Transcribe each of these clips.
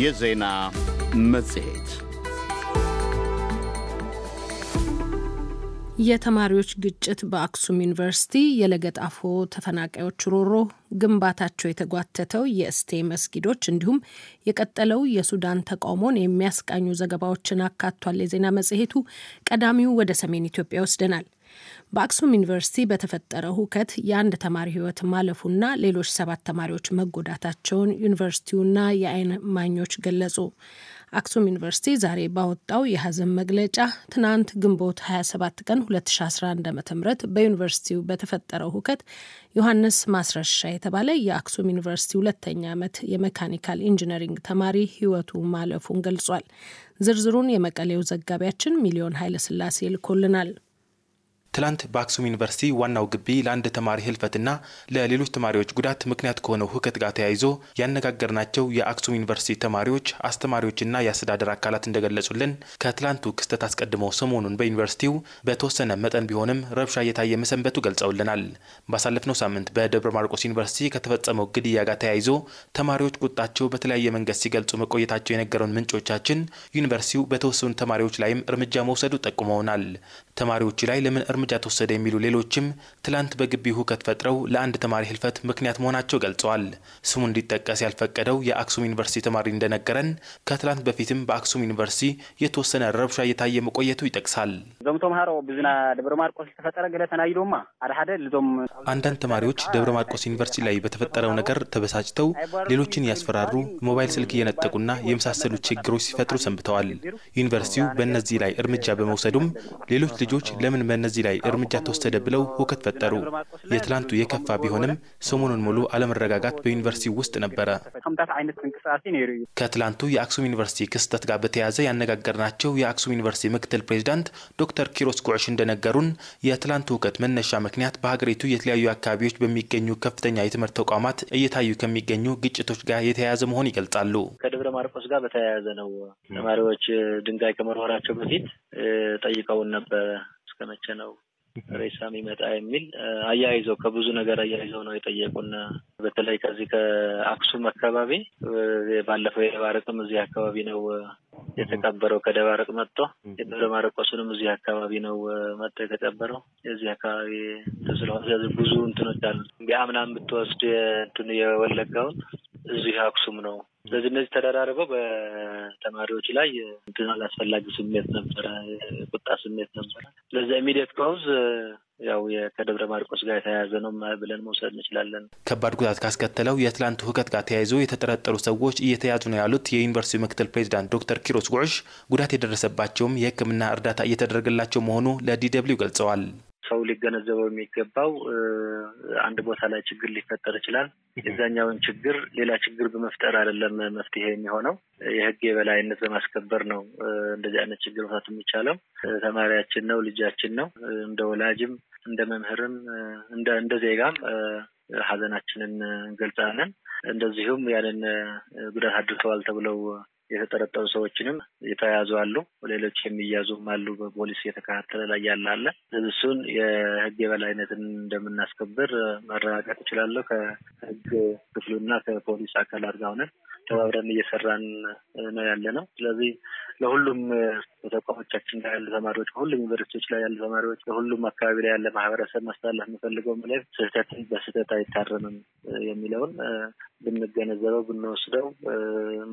የዜና መጽሔት የተማሪዎች ግጭት በአክሱም ዩኒቨርሲቲ የለገጣፎ ተፈናቃዮች ሮሮ፣ ግንባታቸው የተጓተተው የእስቴ መስጊዶች እንዲሁም የቀጠለው የሱዳን ተቃውሞን የሚያስቃኙ ዘገባዎችን አካቷል። የዜና መጽሔቱ ቀዳሚው ወደ ሰሜን ኢትዮጵያ ይወስደናል። በአክሱም ዩኒቨርሲቲ በተፈጠረው ሁከት የአንድ ተማሪ ህይወት ማለፉና ሌሎች ሰባት ተማሪዎች መጎዳታቸውን ዩኒቨርሲቲውና የአይን ማኞች ገለጹ። አክሱም ዩኒቨርሲቲ ዛሬ ባወጣው የሀዘን መግለጫ ትናንት ግንቦት 27 ቀን 2011 ዓ.ም በዩኒቨርሲቲው በተፈጠረው ሁከት ዮሐንስ ማስረሻ የተባለ የአክሱም ዩኒቨርሲቲ ሁለተኛ ዓመት የመካኒካል ኢንጂነሪንግ ተማሪ ህይወቱ ማለፉን ገልጿል። ዝርዝሩን የመቀሌው ዘጋቢያችን ሚሊዮን ኃይለስላሴ ልኮልናል። ትላንት በአክሱም ዩኒቨርሲቲ ዋናው ግቢ ለአንድ ተማሪ ህልፈትና ለሌሎች ተማሪዎች ጉዳት ምክንያት ከሆነው ሁከት ጋር ተያይዞ ያነጋገርናቸው የአክሱም ዩኒቨርሲቲ ተማሪዎች፣ አስተማሪዎችና የአስተዳደር አካላት እንደገለጹልን ከትላንቱ ክስተት አስቀድሞ ሰሞኑን በዩኒቨርሲቲው በተወሰነ መጠን ቢሆንም ረብሻ እየታየ መሰንበቱ ገልጸውልናል። ባሳለፍነው ሳምንት በደብረ ማርቆስ ዩኒቨርሲቲ ከተፈጸመው ግድያ ጋር ተያይዞ ተማሪዎች ቁጣቸው በተለያየ መንገድ ሲገልጹ መቆየታቸው የነገረውን ምንጮቻችን ዩኒቨርሲቲው በተወሰኑ ተማሪዎች ላይም እርምጃ መውሰዱ ጠቁመውናል። ተማሪዎቹ ላይ ለምን እርምጃ ተወሰደ የሚሉ ሌሎችም ትላንት በግቢ ሁከት ፈጥረው ለአንድ ተማሪ ህልፈት ምክንያት መሆናቸው ገልጸዋል። ስሙ እንዲጠቀስ ያልፈቀደው የአክሱም ዩኒቨርሲቲ ተማሪ እንደነገረን ከትላንት በፊትም በአክሱም ዩኒቨርሲቲ የተወሰነ ረብሻ እየታየ መቆየቱ ይጠቅሳል። እዞም ተምሃሮ ብዝና ደብረ ማርቆስ ተፈጠረ ገለ ተናይዶማ ሓደ ሓደ ልዞም አንዳንድ ተማሪዎች ደብረ ማርቆስ ዩኒቨርሲቲ ላይ በተፈጠረው ነገር ተበሳጭተው ሌሎችን እያስፈራሩ ሞባይል ስልክ እየነጠቁና የመሳሰሉ ችግሮች ሲፈጥሩ ሰንብተዋል። ዩኒቨርሲቲው በእነዚህ ላይ እርምጃ በመውሰዱም ሌሎች ልጆች ለምን በእነዚህ ላይ ላይ እርምጃ ተወሰደ ብለው ሁከት ፈጠሩ። የትላንቱ የከፋ ቢሆንም ሰሞኑን ሙሉ አለመረጋጋት በዩኒቨርሲቲ ውስጥ ነበረ። ከትላንቱ የአክሱም ዩኒቨርሲቲ ክስተት ጋር በተያያዘ ያነጋገርናቸው የአክሱም ዩኒቨርሲቲ ምክትል ፕሬዚዳንት ዶክተር ኪሮስ ጉዕሽ እንደነገሩን የትላንቱ ሁከት መነሻ ምክንያት በሀገሪቱ የተለያዩ አካባቢዎች በሚገኙ ከፍተኛ የትምህርት ተቋማት እየታዩ ከሚገኙ ግጭቶች ጋር የተያያዘ መሆን ይገልጻሉ። ከደብረ ማርቆስ ጋር በተያያዘ ነው። ተማሪዎች ድንጋይ ከመወርወራቸው በፊት ጠይቀውን ነበረ እስከ መቼ ነው ሬሳ የሚመጣ የሚል አያይዘው ከብዙ ነገር አያይዘው ነው የጠየቁን። በተለይ ከዚህ ከአክሱም አካባቢ ባለፈው የደባረቅም እዚህ አካባቢ ነው የተቀበረው። ከደባረቅ መጥቶ የደብረ ማርቆስንም እዚህ አካባቢ ነው መጥቶ የተቀበረው። የዚህ አካባቢ ስለሆነ ብዙ እንትኖች አሉ። የአምናን ብትወስድ እንትን የወለጋውን እዚህ አክሱም ነው ስለዚህ እነዚህ ተደራርበው በተማሪዎች ላይ እንትን አላስፈላጊ ስሜት ነበረ፣ ቁጣ ስሜት ነበረ። ስለዚህ ኢሚዲየት ካውዝ ያው ከደብረ ማርቆስ ጋር የተያያዘ ነው ብለን መውሰድ እንችላለን። ከባድ ጉዳት ካስከተለው የትላንቱ ሁከት ጋር ተያይዞ የተጠረጠሩ ሰዎች እየተያዙ ነው ያሉት የዩኒቨርሲቲው ምክትል ፕሬዚዳንት ዶክተር ኪሮስ ጉዕሽ ጉዳት የደረሰባቸውም የሕክምና እርዳታ እየተደረገላቸው መሆኑ ለዲ ደብልዩ ገልጸዋል። ሰው ሊገነዘበው የሚገባው አንድ ቦታ ላይ ችግር ሊፈጠር ይችላል። የዛኛውን ችግር ሌላ ችግር በመፍጠር አይደለም መፍትሄ የሚሆነው የህግ የበላይነት በማስከበር ነው። እንደዚህ አይነት ችግር መፍታት የሚቻለው ተማሪያችን ነው፣ ልጃችን ነው። እንደ ወላጅም እንደ መምህርም እንደ ዜጋም ሀዘናችንን እንገልጻለን። እንደዚሁም ያንን ጉዳት አድርሰዋል ተብለው የተጠረጠሩ ሰዎችንም የተያዙ አሉ፣ ሌሎች የሚያዙም አሉ። በፖሊስ እየተከታተለ ላይ ያለ አለ። እሱን የህግ የበላይነትን እንደምናስከብር መረጋገጥ እችላለሁ ከህግ ክፍሉና ከፖሊስ አካላት ጋር ሆነን ተባብረን እየሰራን ነው ያለ ነው። ስለዚህ ለሁሉም በተቋሞቻችን ላይ ያሉ ተማሪዎች፣ ሁሉም ዩኒቨርሲቲዎች ላይ ያሉ ተማሪዎች፣ ለሁሉም አካባቢ ላይ ያለ ማህበረሰብ ማስተላለፍ የምፈልገው መልዕክት ስህተትን በስህተት አይታረምም የሚለውን ብንገነዘበው ብንወስደው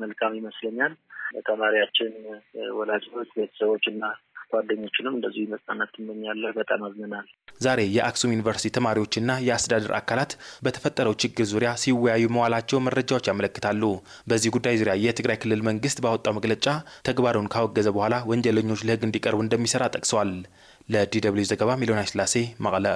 መልካም ይመስለኛል። ተማሪያችን፣ ወላጆች፣ ቤተሰቦች እና ጓደኞችንም እንደዚሁ መጽናናት ትመኛለህ። በጣም አዝነናል። ዛሬ የአክሱም ዩኒቨርሲቲ ተማሪዎችና የአስተዳደር አካላት በተፈጠረው ችግር ዙሪያ ሲወያዩ መዋላቸው መረጃዎች ያመለክታሉ። በዚህ ጉዳይ ዙሪያ የትግራይ ክልል መንግስት ባወጣው መግለጫ ተግባሩን ካወገዘ በኋላ ወንጀለኞች ለህግ እንዲቀርቡ እንደሚሰራ ጠቅሰዋል። ለዲ ደብልዩ ዘገባ ሚሊዮን ስላሴ መቀለ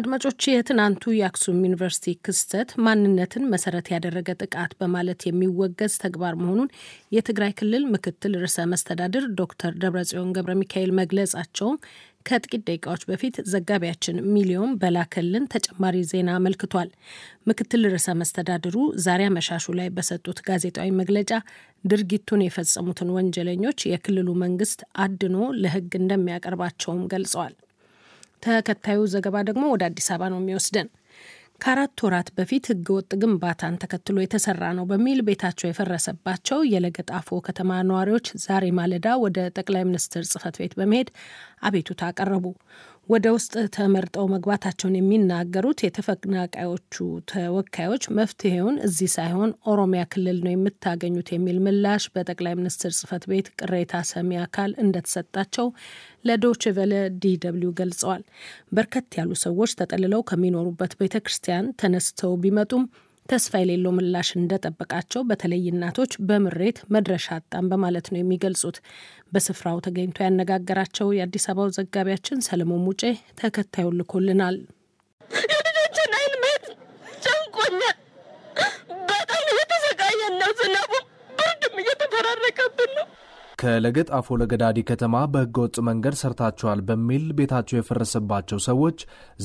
አድማጮች የትናንቱ የአክሱም ዩኒቨርሲቲ ክስተት ማንነትን መሰረት ያደረገ ጥቃት በማለት የሚወገዝ ተግባር መሆኑን የትግራይ ክልል ምክትል ርዕሰ መስተዳድር ዶክተር ደብረጽዮን ገብረ ሚካኤል መግለጻቸውን ከጥቂት ደቂቃዎች በፊት ዘጋቢያችን ሚሊዮን በላከልን ተጨማሪ ዜና አመልክቷል። ምክትል ርዕሰ መስተዳድሩ ዛሬ አመሻሹ ላይ በሰጡት ጋዜጣዊ መግለጫ ድርጊቱን የፈጸሙትን ወንጀለኞች የክልሉ መንግስት አድኖ ለሕግ እንደሚያቀርባቸውም ገልጸዋል። ተከታዩ ዘገባ ደግሞ ወደ አዲስ አበባ ነው የሚወስደን። ከአራት ወራት በፊት ህገወጥ ግንባታን ተከትሎ የተሰራ ነው በሚል ቤታቸው የፈረሰባቸው የለገጣፎ ከተማ ነዋሪዎች ዛሬ ማለዳ ወደ ጠቅላይ ሚኒስትር ጽህፈት ቤት በመሄድ አቤቱታ አቀረቡ። ወደ ውስጥ ተመርጠው መግባታቸውን የሚናገሩት የተፈናቃዮቹ ተወካዮች መፍትሄውን እዚህ ሳይሆን ኦሮሚያ ክልል ነው የምታገኙት የሚል ምላሽ በጠቅላይ ሚኒስትር ጽህፈት ቤት ቅሬታ ሰሚ አካል እንደተሰጣቸው ለዶችቨለ ቬለ ዲደብሊው ገልጸዋል። በርከት ያሉ ሰዎች ተጠልለው ከሚኖሩበት ቤተ ክርስቲያን ተነስተው ቢመጡም ተስፋ የሌለው ምላሽ እንደጠበቃቸው በተለይ እናቶች በምሬት መድረሻ አጣን በማለት ነው የሚገልጹት። በስፍራው ተገኝቶ ያነጋገራቸው የአዲስ አበባው ዘጋቢያችን ሰለሞን ሙጬ ተከታዩን ልኮልናል። ነው። ዝናቡ ብርድም እየተፈራረቀብን ነው። ከለገጣፎ ለገዳዲ ከተማ በህገወጥ መንገድ ሰርታቸዋል በሚል ቤታቸው የፈረሰባቸው ሰዎች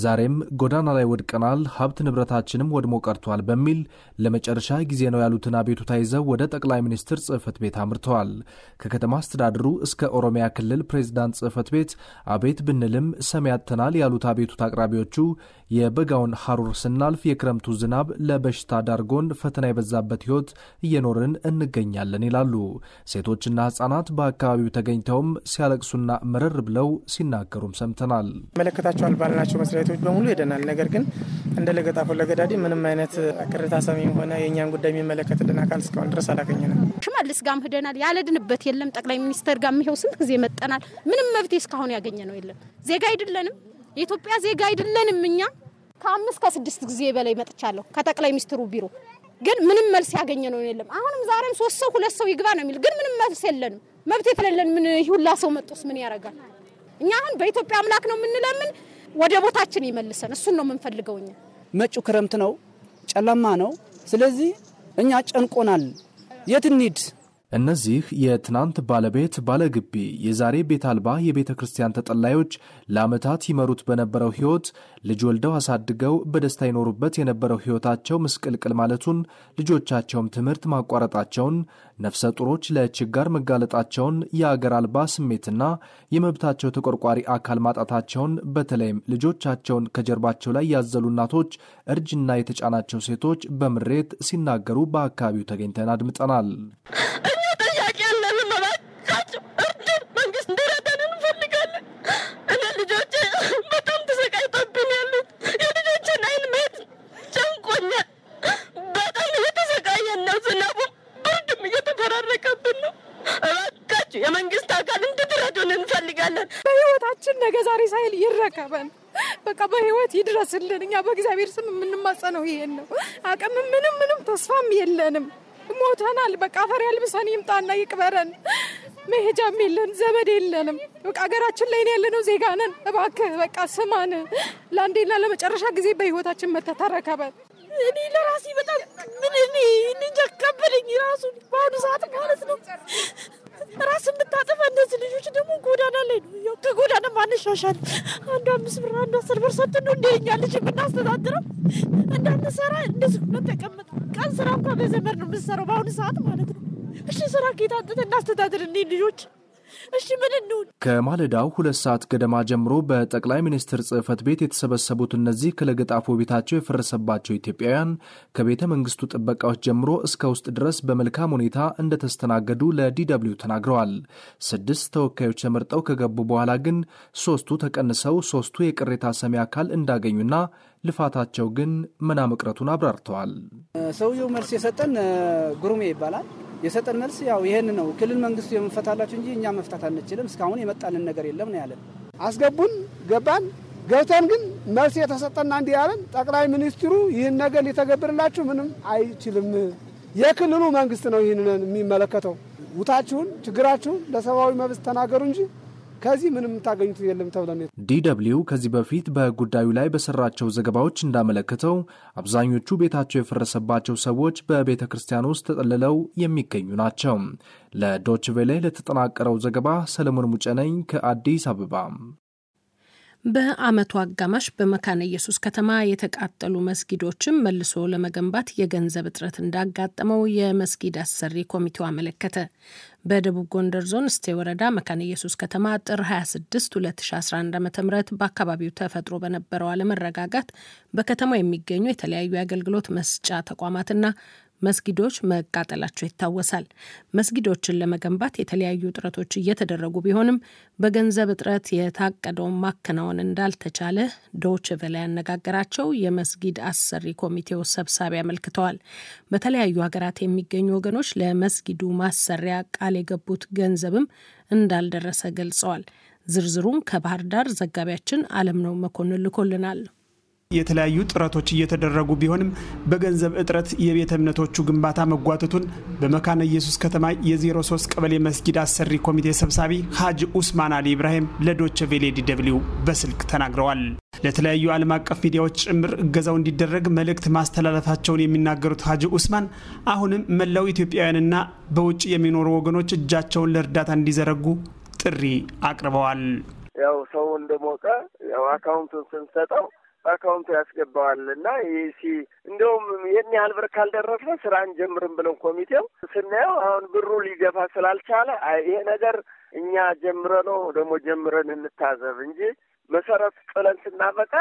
ዛሬም ጎዳና ላይ ወድቀናል፣ ሀብት ንብረታችንም ወድሞ ቀርቷል በሚል ለመጨረሻ ጊዜ ነው ያሉትን አቤቱታ ይዘው ወደ ጠቅላይ ሚኒስትር ጽህፈት ቤት አምርተዋል። ከከተማ አስተዳደሩ እስከ ኦሮሚያ ክልል ፕሬዚዳንት ጽህፈት ቤት አቤት ብንልም ሰሚያተናል ያሉት አቤቱታ አቅራቢዎቹ የበጋውን ሐሩር ስናልፍ የክረምቱ ዝናብ ለበሽታ ዳርጎን ፈተና የበዛበት ሕይወት እየኖርን እንገኛለን ይላሉ። ሴቶችና ህጻናት በአካባቢው ተገኝተውም ሲያለቅሱና መረር ብለው ሲናገሩም ሰምተናል። መለከታቸዋል ባልናቸው መስሪያ ቤቶች በሙሉ ሄደናል። ነገር ግን እንደ ለገጣፎ ለገዳዲ ምንም አይነት ቅሬታ ሰሚም ሆነ የእኛን ጉዳይ የሚመለከትልን አካል እስካሁን ድረስ አላገኘንም። ሽመልስ ጋም ሄደናል። ያለድንበት የለም። ጠቅላይ ሚኒስተር ጋም ይኸው ስንት ጊዜ መጠናል። ምንም መብት እስካሁን ያገኘ ነው የለም። ዜጋ አይደለንም። የኢትዮጵያ ዜጋ አይደለንም እኛ። ከአምስት ከስድስት ጊዜ በላይ መጥቻለሁ ከጠቅላይ ሚኒስትሩ ቢሮ ግን ምንም መልስ ያገኘ ነው የለም። አሁንም ዛሬም ሶስት ሰው ሁለት ሰው ይግባ ነው የሚል ግን ምንም መልስ የለንም። መብት የተለለን ምን ሁላ ሰው መጦስ ምን ያደርጋል? እኛ አሁን በኢትዮጵያ አምላክ ነው የምንለምን፣ ወደ ቦታችን ይመልሰን። እሱን ነው የምንፈልገው እኛ። መጪው ክረምት ነው፣ ጨለማ ነው። ስለዚህ እኛ ጨንቆናል። የት እንሂድ? እነዚህ የትናንት ባለቤት ባለግቢ የዛሬ ቤት አልባ የቤተ ክርስቲያን ተጠላዮች ለዓመታት ይመሩት በነበረው ሕይወት ልጅ ወልደው አሳድገው በደስታ ይኖሩበት የነበረው ሕይወታቸው ምስቅልቅል ማለቱን፣ ልጆቻቸውም ትምህርት ማቋረጣቸውን፣ ነፍሰ ጡሮች ለችጋር መጋለጣቸውን፣ የአገር አልባ ስሜትና የመብታቸው ተቆርቋሪ አካል ማጣታቸውን፣ በተለይም ልጆቻቸውን ከጀርባቸው ላይ ያዘሉ እናቶች፣ እርጅና የተጫናቸው ሴቶች በምሬት ሲናገሩ በአካባቢው ተገኝተን አድምጠናል። እንድትረዱን እንፈልጋለን። በህይወታችን ነገ ዛሬ ሳይል ይረከበን፣ በቃ በህይወት ይድረስልን። እኛ በእግዚአብሔር ስም የምንማጸነው ይሄን ነው። አቅም ምንም ምንም ተስፋም የለንም። ሞተናል። በቃ አፈር ያልብሰን ይምጣና ይቅበረን። መሄጃም የለን፣ ዘመድ የለንም። በቃ ሀገራችን ላይ ያለነው ዜጋ ነን። እባክህ በቃ ስማን፣ ለአንዴና ለመጨረሻ ጊዜ በህይወታችን መተተረከበን እኔ ለራሴ በጣም ምን እኔ እንጃ ከበደኝ ራሱ በአሁኑ ሰዓት ማለት ነው ራስ የምታጠፋ እነዚህ ልጆች ደግሞ ጎዳና ላይ ነው። ከጎዳና ማንሻሻል አንዱ አምስት ብር አንዱ አስር ብር ሰጥቶ ነው እንደኛ ልጅ የምናስተዳድረው። እንዳንሰራ እንደዚህ ሁነት ተቀምጠ ቀን ስራ እንኳ በዘመድ ነው የምንሰራው በአሁኑ ሰዓት ማለት ነው። እሺ ስራ ከየት አምጥተን እናስተዳድር እኔ ልጆች እሺ ምን እንሁን? ከማለዳው ሁለት ሰዓት ገደማ ጀምሮ በጠቅላይ ሚኒስትር ጽህፈት ቤት የተሰበሰቡት እነዚህ ከለገጣፎ ቤታቸው የፈረሰባቸው ኢትዮጵያውያን ከቤተ መንግስቱ ጥበቃዎች ጀምሮ እስከ ውስጥ ድረስ በመልካም ሁኔታ እንደተስተናገዱ ለዲደብሊው ተናግረዋል። ስድስት ተወካዮች ተመርጠው ከገቡ በኋላ ግን ሶስቱ ተቀንሰው ሶስቱ የቅሬታ ሰሚ አካል እንዳገኙና ልፋታቸው ግን መና መቅረቱን አብራርተዋል። ሰውየው መልስ የሰጠን ጉሩሜ ይባላል የሰጠን መልስ ያው ይሄን ነው። ክልል መንግስቱ የምንፈታላችሁ እንጂ እኛ መፍታት አንችልም፣ እስካሁን የመጣልን ነገር የለም ነው ያለን። አስገቡን፣ ገባን። ገብተን ግን መልስ የተሰጠና እንዲህ ያለን ጠቅላይ ሚኒስትሩ ይህን ነገር ሊተገብርላችሁ ምንም አይችልም፣ የክልሉ መንግስት ነው ይህንን የሚመለከተው። ውታችሁን፣ ችግራችሁን ለሰብአዊ መብት ተናገሩ እንጂ ከዚህ ምንም የምታገኙት የለም ተብለን ዲደብሊው ከዚህ በፊት በጉዳዩ ላይ በሰራቸው ዘገባዎች እንዳመለከተው አብዛኞቹ ቤታቸው የፈረሰባቸው ሰዎች በቤተ ክርስቲያን ውስጥ ተጠልለው የሚገኙ ናቸው። ለዶችቬሌ ለተጠናቀረው ዘገባ ሰለሞን ሙጨነኝ ከአዲስ አበባ በአመቱ አጋማሽ በመካነ ኢየሱስ ከተማ የተቃጠሉ መስጊዶችን መልሶ ለመገንባት የገንዘብ እጥረት እንዳጋጠመው የመስጊድ አሰሪ ኮሚቴው አመለከተ። በደቡብ ጎንደር ዞን እስቴ ወረዳ መካነ ኢየሱስ ከተማ ጥር 26 2011 ዓ ም በአካባቢው ተፈጥሮ በነበረው አለመረጋጋት በከተማው የሚገኙ የተለያዩ የአገልግሎት መስጫ ተቋማትና መስጊዶች መቃጠላቸው ይታወሳል። መስጊዶችን ለመገንባት የተለያዩ ጥረቶች እየተደረጉ ቢሆንም በገንዘብ እጥረት የታቀደውን ማከናወን እንዳልተቻለ ዶች ያነጋገራቸው የመስጊድ አሰሪ ኮሚቴው ሰብሳቢ አመልክተዋል። በተለያዩ ሀገራት የሚገኙ ወገኖች ለመስጊዱ ማሰሪያ ቃል የገቡት ገንዘብም እንዳልደረሰ ገልጸዋል። ዝርዝሩን ከባህር ዳር ዘጋቢያችን አለም ነው መኮንን ልኮልናል። የተለያዩ ጥረቶች እየተደረጉ ቢሆንም በገንዘብ እጥረት የቤተ እምነቶቹ ግንባታ መጓተቱን በመካነ ኢየሱስ ከተማ የ03 ቀበሌ መስጊድ አሰሪ ኮሚቴ ሰብሳቢ ሀጅ ኡስማን አሊ ኢብራሂም ለዶቸ ቬሌ ዲደብሊው በስልክ ተናግረዋል። ለተለያዩ ዓለም አቀፍ ሚዲያዎች ጭምር እገዛው እንዲደረግ መልእክት ማስተላለፋቸውን የሚናገሩት ሀጂ ኡስማን አሁንም መላው ኢትዮጵያውያንና በውጭ የሚኖሩ ወገኖች እጃቸውን ለእርዳታ እንዲዘረጉ ጥሪ አቅርበዋል። ያው ሰው እንደሞቀ ያው አካውንቱን ስንሰጠው በአካውንቱ ያስገባዋል እና ይሲ እንደውም ይህን ያህል ብር ካልደረሰ ስራ አንጀምርም ብለን ኮሚቴው ስናየው አሁን ብሩ ሊገፋ ስላልቻለ ይሄ ነገር እኛ ጀምረ ነው ደግሞ ጀምረን እንታዘብ እንጂ መሰረት ጥለን ስናበቃ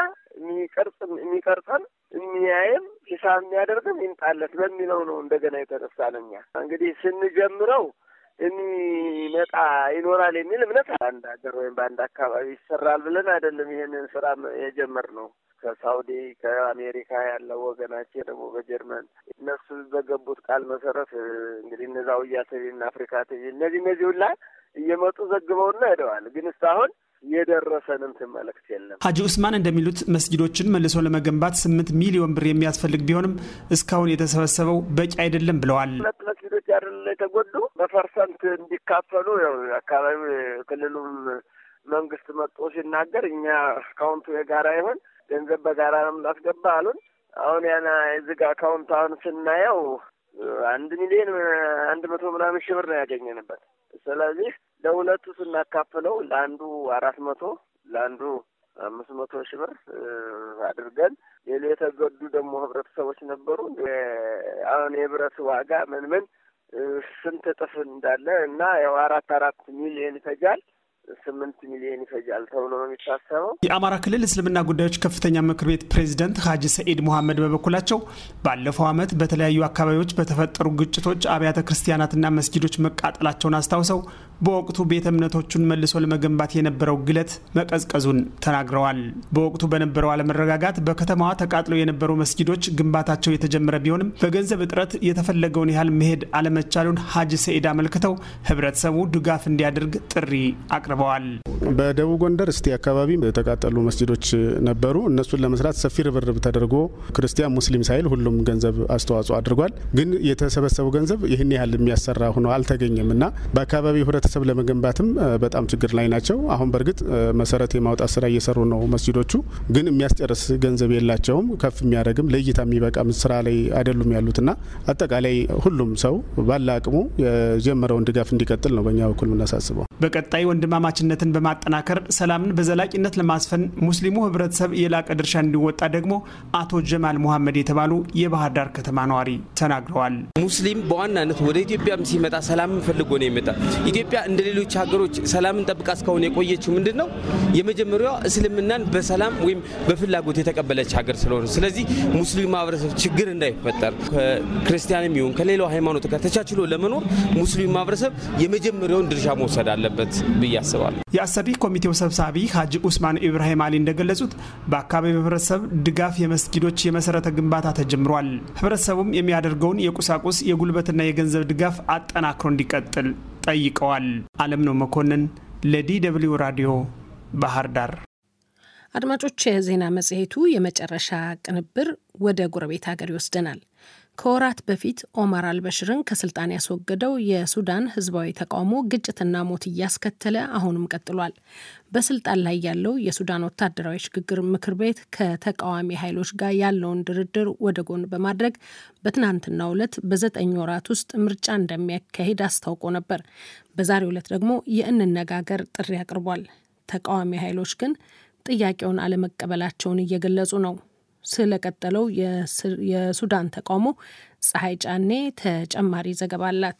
የሚቀርጽ የሚቀርጸን የሚያይም ሂሳብ የሚያደርግም ይምጣለት በሚለው ነው እንደገና የተነሳን እኛ እንግዲህ ስንጀምረው የሚመጣ ይኖራል የሚል እምነት በአንድ ሀገር ወይም በአንድ አካባቢ ይሰራል ብለን አይደለም ይህንን ስራ የጀመርነው። ከሳውዲ ከአሜሪካ ያለው ወገናቸው ደግሞ በጀርመን እነሱ በገቡት ቃል መሰረት እንግዲህ እነዛ ውያ አፍሪካ ቲቪ እነዚህ እነዚህ ሁላ እየመጡ ዘግበውና ሄደዋል። ግን እስካሁን የደረሰንም መልእክት የለም። ሀጂ ኡስማን እንደሚሉት መስጊዶችን መልሶ ለመገንባት ስምንት ሚሊዮን ብር የሚያስፈልግ ቢሆንም እስካሁን የተሰበሰበው በቂ አይደለም ብለዋል። ቤተክርስቲያን የተጎዱ በፐርሰንት እንዲካፈሉ ያው አካባቢ ክልሉም መንግስት መጥቶ ሲናገር እኛ አካውንቱ የጋራ ይሆን ገንዘብ በጋራ ነው የምናስገባ አሉን። አሁን ያና የዝግ አካውንት አሁን ስናየው አንድ ሚሊዮን አንድ መቶ ምናምን ሺህ ብር ነው ያገኘንበት። ስለዚህ ለሁለቱ ስናካፍለው ለአንዱ አራት መቶ ለአንዱ አምስት መቶ ሺህ ብር አድርገን ሌሎ የተገዱ ደግሞ ህብረተሰቦች ነበሩ። አሁን የህብረት ዋጋ ምን ምን ስንት እጥፍ እንዳለ እና ያው አራት አራት ሚሊዮን ይፈጃል ስምንት ሚሊዮን ይፈጃል ተብሎ ነው የሚታሰበው። የአማራ ክልል እስልምና ጉዳዮች ከፍተኛ ምክር ቤት ፕሬዚደንት ሀጂ ሰኢድ ሙሐመድ በበኩላቸው ባለፈው ዓመት በተለያዩ አካባቢዎች በተፈጠሩ ግጭቶች አብያተ ክርስቲያናትና መስጊዶች መቃጠላቸውን አስታውሰው በወቅቱ ቤተ እምነቶቹን መልሶ ለመገንባት የነበረው ግለት መቀዝቀዙን ተናግረዋል። በወቅቱ በነበረው አለመረጋጋት በከተማዋ ተቃጥለው የነበሩ መስጊዶች ግንባታቸው የተጀመረ ቢሆንም በገንዘብ እጥረት የተፈለገውን ያህል መሄድ አለመቻሉን ሀጅ ሰኢድ አመልክተው ህብረተሰቡ ድጋፍ እንዲያደርግ ጥሪ አቅርበዋል። በደቡብ ጎንደር እስቴ አካባቢ የተቃጠሉ መስጊዶች ነበሩ። እነሱን ለመስራት ሰፊ ርብርብ ተደርጎ ክርስቲያን፣ ሙስሊም ሳይል ሁሉም ገንዘብ አስተዋጽኦ አድርጓል። ግን የተሰበሰቡ ገንዘብ ይህን ያህል የሚያሰራ ሆኖ አልተገኘም እና በአካባቢው ህብረተሰብ ማህበረሰብ ለመገንባትም በጣም ችግር ላይ ናቸው። አሁን በእርግጥ መሰረት የማውጣት ስራ እየሰሩ ነው መስጂዶቹ፣ ግን የሚያስጨርስ ገንዘብ የላቸውም። ከፍ የሚያደርግም ለእይታ የሚበቃም ስራ ላይ አይደሉም ያሉትና አጠቃላይ ሁሉም ሰው ባለ አቅሙ የጀመረውን ድጋፍ እንዲቀጥል ነው በእኛ በኩል የምናሳስበው። በቀጣይ ወንድማማችነትን በማጠናከር ሰላምን በዘላቂነት ለማስፈን ሙስሊሙ ህብረተሰብ የላቀ ድርሻ እንዲወጣ ደግሞ አቶ ጀማል ሙሐመድ የተባሉ የባህር ዳር ከተማ ነዋሪ ተናግረዋል። ሙስሊም በዋናነት ወደ ኢትዮጵያም ሲመጣ ሰላምን ፈልጎ ነው የመጣ ኢትዮጵያ እንደ ሌሎች ሀገሮች ሰላምን ጠብቃ እስካሁን የቆየችው ምንድን ነው? የመጀመሪያዋ እስልምናን በሰላም ወይም በፍላጎት የተቀበለች ሀገር ስለሆነ፣ ስለዚህ ሙስሊም ማህበረሰብ ችግር እንዳይፈጠር ከክርስቲያንም ይሁን ከሌላው ሃይማኖት ጋር ተቻችሎ ለመኖር ሙስሊም ማህበረሰብ የመጀመሪያውን ድርሻ መውሰድ አለበት ብዬ አስባለሁ። የአሰሪ ኮሚቴው ሰብሳቢ ሀጂ ኡስማን ኢብራሂም አሊ እንደገለጹት በአካባቢ ህብረተሰብ ድጋፍ የመስጊዶች የመሰረተ ግንባታ ተጀምሯል። ህብረተሰቡም የሚያደርገውን የቁሳቁስ የጉልበትና የገንዘብ ድጋፍ አጠናክሮ እንዲቀጥል ጠይቀዋል። አለም ነው መኮንን ለዲ ደብልዩ ራዲዮ ባህር ዳር። አድማጮች፣ የዜና መጽሔቱ የመጨረሻ ቅንብር ወደ ጎረቤት ሀገር ይወስደናል። ከወራት በፊት ኦማር አልበሽርን ከስልጣን ያስወገደው የሱዳን ህዝባዊ ተቃውሞ ግጭትና ሞት እያስከተለ አሁንም ቀጥሏል። በስልጣን ላይ ያለው የሱዳን ወታደራዊ ሽግግር ምክር ቤት ከተቃዋሚ ኃይሎች ጋር ያለውን ድርድር ወደ ጎን በማድረግ በትናንትናው ዕለት በዘጠኝ ወራት ውስጥ ምርጫ እንደሚያካሂድ አስታውቆ ነበር። በዛሬው ዕለት ደግሞ የእንነጋገር ጥሪ አቅርቧል። ተቃዋሚ ኃይሎች ግን ጥያቄውን አለመቀበላቸውን እየገለጹ ነው። ስለቀጠለው የሱዳን ተቃውሞ ፀሐይ ጫኔ ተጨማሪ ዘገባ አላት።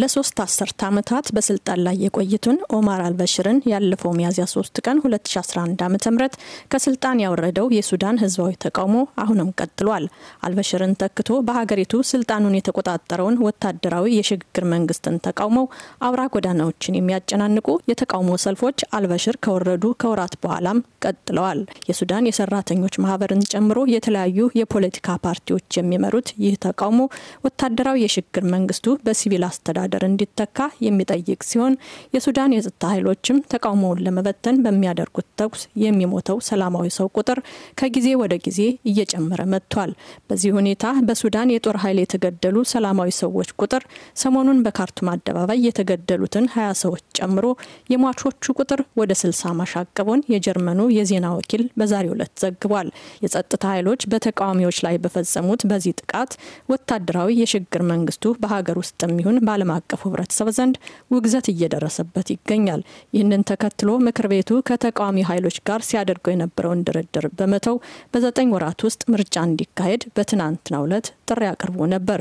ለሶስት አስርተ ዓመታት በስልጣን ላይ የቆይቱን ኦማር አልበሽርን ያለፈው ሚያዝያ 3 ቀን 2011 ዓ ም ከስልጣን ያወረደው የሱዳን ህዝባዊ ተቃውሞ አሁንም ቀጥሏል። አልበሽርን ተክቶ በሀገሪቱ ስልጣኑን የተቆጣጠረውን ወታደራዊ የሽግግር መንግስትን ተቃውመው አውራ ጎዳናዎችን የሚያጨናንቁ የተቃውሞ ሰልፎች አልበሽር ከወረዱ ከወራት በኋላም ቀጥለዋል። የሱዳን የሰራተኞች ማህበርን ጨምሮ የተለያዩ የፖለቲካ ፓርቲዎች የሚመሩት ይህ ተቃውሞ ወታደራዊ የሽግግር መንግስቱ በሲቪል አስተዳደ አስተዳደር እንዲተካ የሚጠይቅ ሲሆን የሱዳን የጸጥታ ኃይሎችም ተቃውሞውን ለመበተን በሚያደርጉት ተኩስ የሚሞተው ሰላማዊ ሰው ቁጥር ከጊዜ ወደ ጊዜ እየጨመረ መጥቷል። በዚህ ሁኔታ በሱዳን የጦር ኃይል የተገደሉ ሰላማዊ ሰዎች ቁጥር ሰሞኑን በካርቱም አደባባይ የተገደሉትን ሀያ ሰዎች ጨምሮ የሟቾቹ ቁጥር ወደ ስልሳ ማሻቀቡን የጀርመኑ የዜና ወኪል በዛሬው ዕለት ዘግቧል። የጸጥታ ኃይሎች በተቃዋሚዎች ላይ በፈጸሙት በዚህ ጥቃት ወታደራዊ የሽግግር መንግስቱ በሀገር ውስጥ የሚሆን ባለ አቀፉ ህብረተሰብ ዘንድ ውግዘት እየደረሰበት ይገኛል። ይህንን ተከትሎ ምክር ቤቱ ከተቃዋሚ ኃይሎች ጋር ሲያደርገው የነበረውን ድርድር በመተው በዘጠኝ ወራት ውስጥ ምርጫ እንዲካሄድ በትናንትናው ዕለት ጥሪ አቅርቦ ነበር።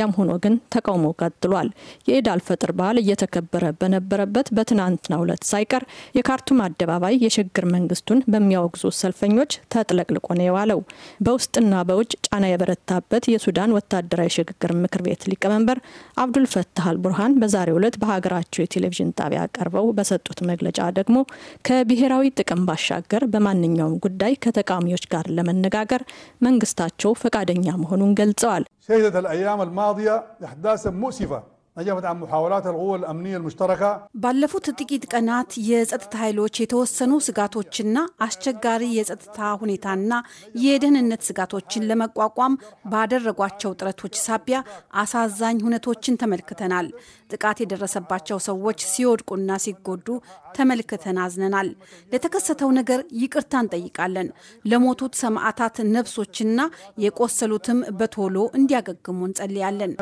ያም ሆኖ ግን ተቃውሞ ቀጥሏል። የኢድ አልፈጥር በዓል እየተከበረ በነበረበት በትናንትናው ዕለት ሳይቀር የካርቱም አደባባይ የሽግግር መንግስቱን በሚያወግዙ ሰልፈኞች ተጥለቅልቆ ነው የዋለው። በውስጥና በውጭ ጫና የበረታበት የሱዳን ወታደራዊ ሽግግር ምክር ቤት ሊቀመንበር አብዱል ፈታህ አል ቡርሃን በዛሬው ዕለት በሀገራቸው የቴሌቪዥን ጣቢያ ቀርበው በሰጡት መግለጫ ደግሞ ከብሔራዊ ጥቅም ባሻገር በማንኛውም ጉዳይ ከተቃዋሚዎች ጋር ለመነጋገር መንግስታቸው ፈቃደኛ መሆኑን ገልጸዋል። قال شهدت الأيام الماضية أحداثا مؤسفة ባለፉት ጥቂት ቀናት የጸጥታ ኃይሎች የተወሰኑ ስጋቶችና አስቸጋሪ የጸጥታ ሁኔታና የደህንነት ስጋቶችን ለመቋቋም ባደረጓቸው ጥረቶች ሳቢያ አሳዛኝ ሁነቶችን ተመልክተናል። ጥቃት የደረሰባቸው ሰዎች ሲወድቁና ሲጎዱ ተመልክተን አዝነናል። ለተከሰተው ነገር ይቅርታ እንጠይቃለን። ለሞቱት ሰማዕታት ነፍሶችና የቆሰሉትም በቶሎ እንዲያገግሙ እንጸልያለን።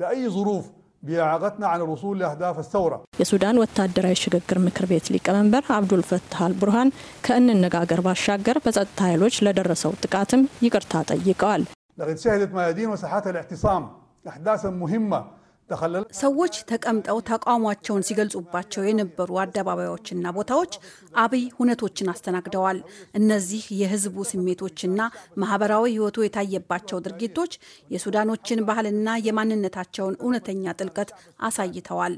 ለአይ ظروف ቢያዓቀትና عن الوصول لاهداف الثوره የሱዳን ወታደራዊ ሽግግር ምክር ቤት ሊቀመንበር አብዱል ፈታህ አል ቡርሃን ከእንነጋገር ባሻገር በጸጥታ ኃይሎች ለደረሰው ጥቃትም ይቅርታ ጠይቀዋል لقد شهدت ميادين وساحات الاعتصام احداثا مهمه ሰዎች ተቀምጠው ተቃውሟቸውን ሲገልጹባቸው የነበሩ አደባባዮችና ቦታዎች አብይ ሁነቶችን አስተናግደዋል። እነዚህ የህዝቡ ስሜቶችና ማህበራዊ ህይወቱ የታየባቸው ድርጊቶች የሱዳኖችን ባህልና የማንነታቸውን እውነተኛ ጥልቀት አሳይተዋል።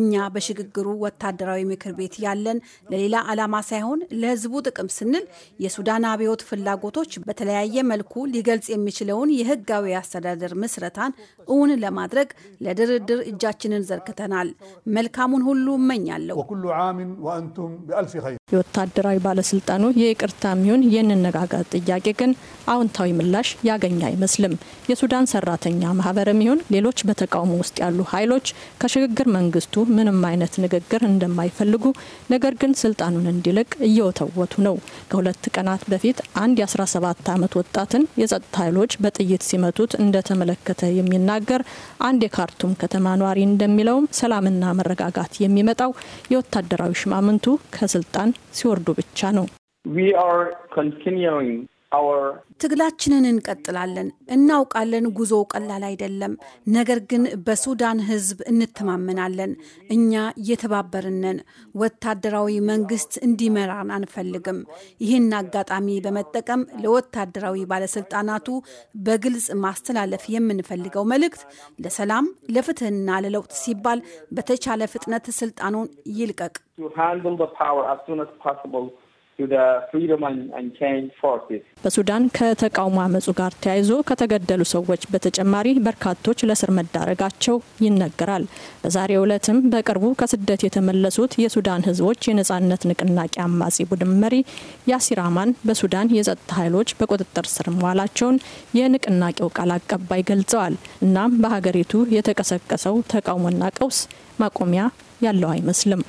እኛ በሽግግሩ ወታደራዊ ምክር ቤት ያለን ለሌላ ዓላማ ሳይሆን ለህዝቡ ጥቅም ስንል የሱዳን አብዮት ፍላጎቶች በተለያየ መልኩ ሊገልጽ የሚችለውን የህጋዊ አስተዳደር ምስረታን እውን ለማድረግ ለድር ድርድር እጃችንን ዘርክተናል። መልካሙን ሁሉ እመኛለሁ። የወታደራዊ ባለስልጣኑ የይቅርታ የሚሆን የንነጋገር ጥያቄ ግን አዎንታዊ ምላሽ ያገኘ አይመስልም። የሱዳን ሰራተኛ ማህበርም ይሁን ሌሎች በተቃውሞ ውስጥ ያሉ ኃይሎች ከሽግግር መንግስቱ ምንም አይነት ንግግር እንደማይፈልጉ ነገር ግን ስልጣኑን እንዲለቅ እየወተወቱ ነው። ከሁለት ቀናት በፊት አንድ የ17 ዓመት ወጣትን የጸጥታ ኃይሎች በጥይት ሲመቱት እንደተመለከተ የሚናገር አንድ የካርቱም ከተማ ነዋሪ እንደሚለውም ሰላምና መረጋጋት የሚመጣው የወታደራዊ ሽማምንቱ ከስልጣን ሲወርዱ ብቻ ነው። ትግላችንን እንቀጥላለን። እናውቃለን ጉዞው ቀላል አይደለም። ነገር ግን በሱዳን ሕዝብ እንተማመናለን። እኛ የተባበርነን ወታደራዊ መንግስት እንዲመራን አንፈልግም። ይህን አጋጣሚ በመጠቀም ለወታደራዊ ባለስልጣናቱ በግልጽ ማስተላለፍ የምንፈልገው መልእክት ለሰላም ለፍትህና ለለውጥ ሲባል በተቻለ ፍጥነት ስልጣኑን ይልቀቅ። በሱዳን ከተቃውሞ አመፁ ጋር ተያይዞ ከተገደሉ ሰዎች በተጨማሪ በርካቶች ለእስር መዳረጋቸው ይነገራል። በዛሬ ዕለትም በቅርቡ ከስደት የተመለሱት የሱዳን ህዝቦች የነጻነት ንቅናቄ አማጺ ቡድን መሪ ያሲር አማን በሱዳን የጸጥታ ኃይሎች በቁጥጥር ስር መዋላቸውን የንቅናቄው ቃል አቀባይ ገልጸዋል። እናም በሀገሪቱ የተቀሰቀሰው ተቃውሞና ቀውስ ማቆሚያ ያለው አይመስልም።